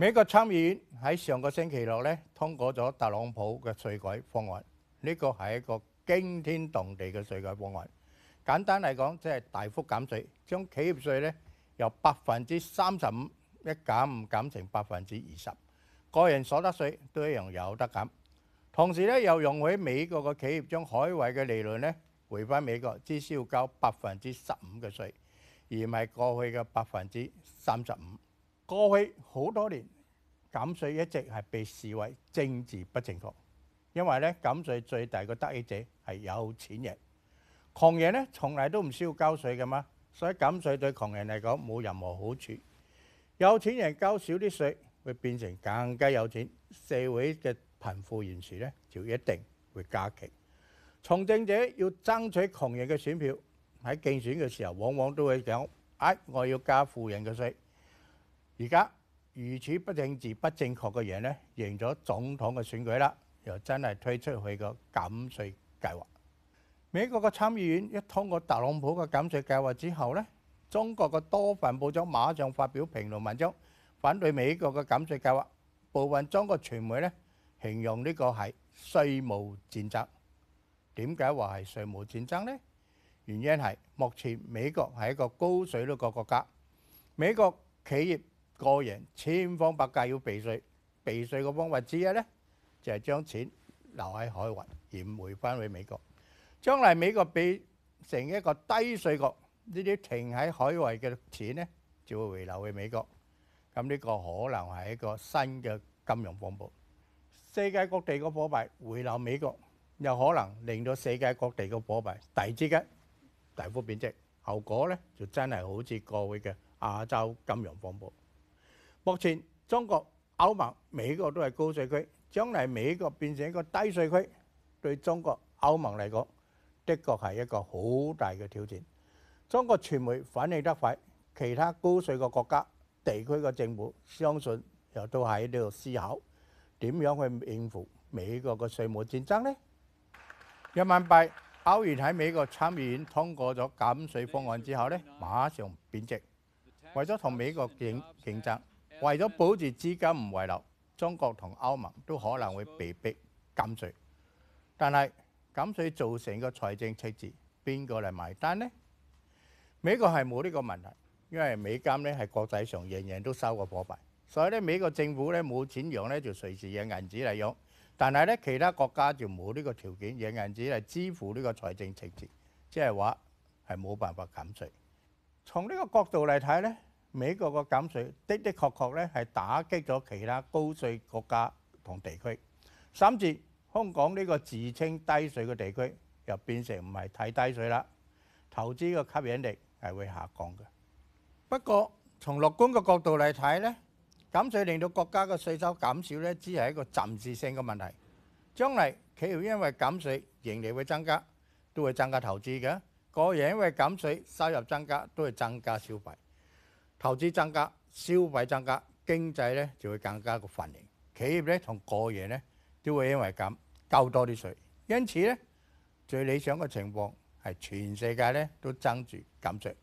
美國參議院喺上個星期六咧通過咗特朗普嘅稅改方案，呢個係一個驚天動地嘅稅改方案。簡單嚟講，即係大幅減稅，將企業稅咧由百分之三十五一減五減成百分之二十，個人所得稅都一樣有得減。同時咧又容許美國嘅企業將海外嘅利潤咧回翻美國，只需要交百分之十五嘅稅，而唔係過去嘅百分之三十五。過去好多年減稅一直係被視為政治不正確，因為咧減稅最大嘅得益者係有錢人，窮人咧從來都唔需要交稅噶嘛，所以減稅對窮人嚟講冇任何好處。有錢人交少啲稅，會變成更加有錢，社會嘅貧富懸殊咧就一定會加劇。從政者要爭取窮人嘅選票，喺競選嘅時候往往都會講：哎，我要加富人嘅稅。而家如此不政治不正確嘅嘢咧，贏咗總統嘅選舉啦，又真係推出佢個減稅計劃。美國嘅參議院一通過特朗普嘅減稅計劃之後咧，中國嘅多份報章馬上發表評論文章反對美國嘅減稅計劃，部分中國傳媒咧形容呢個係稅務戰爭。點解話係稅務戰爭咧？原因係目前美國係一個高稅率嘅國家，美國企業，個人千方百計要避稅，避稅個方法之一咧，就係將錢留喺海外，然後回翻去美國。將來美國變成一個低稅國，呢啲停喺海外嘅錢咧，就會回流去美國。咁呢個可能係一個新嘅金融風暴，世界各地嘅貨幣回流美國，又可能令到世界各地嘅貨幣突然之間大幅貶值，後果咧就真係好似過去嘅亞洲金融風暴。目前中國、歐盟、美國都係高稅區，將來美國變成一個低稅區，對中國、歐盟嚟講，的確係一個好大嘅挑戰。中國傳媒反應得快，其他高稅嘅國家、地區嘅政府，相信又都喺呢度思考點樣去應付美國嘅稅務戰爭咧。人民幣，歐元喺美國參議院通過咗減稅方案之後咧，馬上貶值，為咗同美國競競爭。為咗保住資金唔回流，中國同歐盟都可能會被逼減稅，但係減稅造成個財政赤字，邊個嚟埋單呢？美國係冇呢個問題，因為美金咧係國際上人人都收個貨幣，所以咧美國政府咧冇錢用咧就隨時印銀紙嚟用，但係咧其他國家就冇呢個條件印銀紙嚟支付呢個財政赤字，即係話係冇辦法減稅。從呢個角度嚟睇咧。美國個減稅的的確確咧係打擊咗其他高稅國家同地區，甚至香港呢個自稱低稅嘅地區又變成唔係太低稅啦，投資嘅吸引力係會下降嘅。不過從樂觀嘅角度嚟睇咧，減稅令到國家嘅稅收減少咧，只係一個暫時性嘅問題。將嚟企業因為減稅盈利會增加，都會增加投資嘅；個人因為減稅收入增加，都會增加消費。投資增加，消費增加，經濟咧就會更加嘅繁榮。企業咧同個人咧，都會因為咁交多啲稅。因此咧，最理想嘅情況係全世界咧都爭住減稅。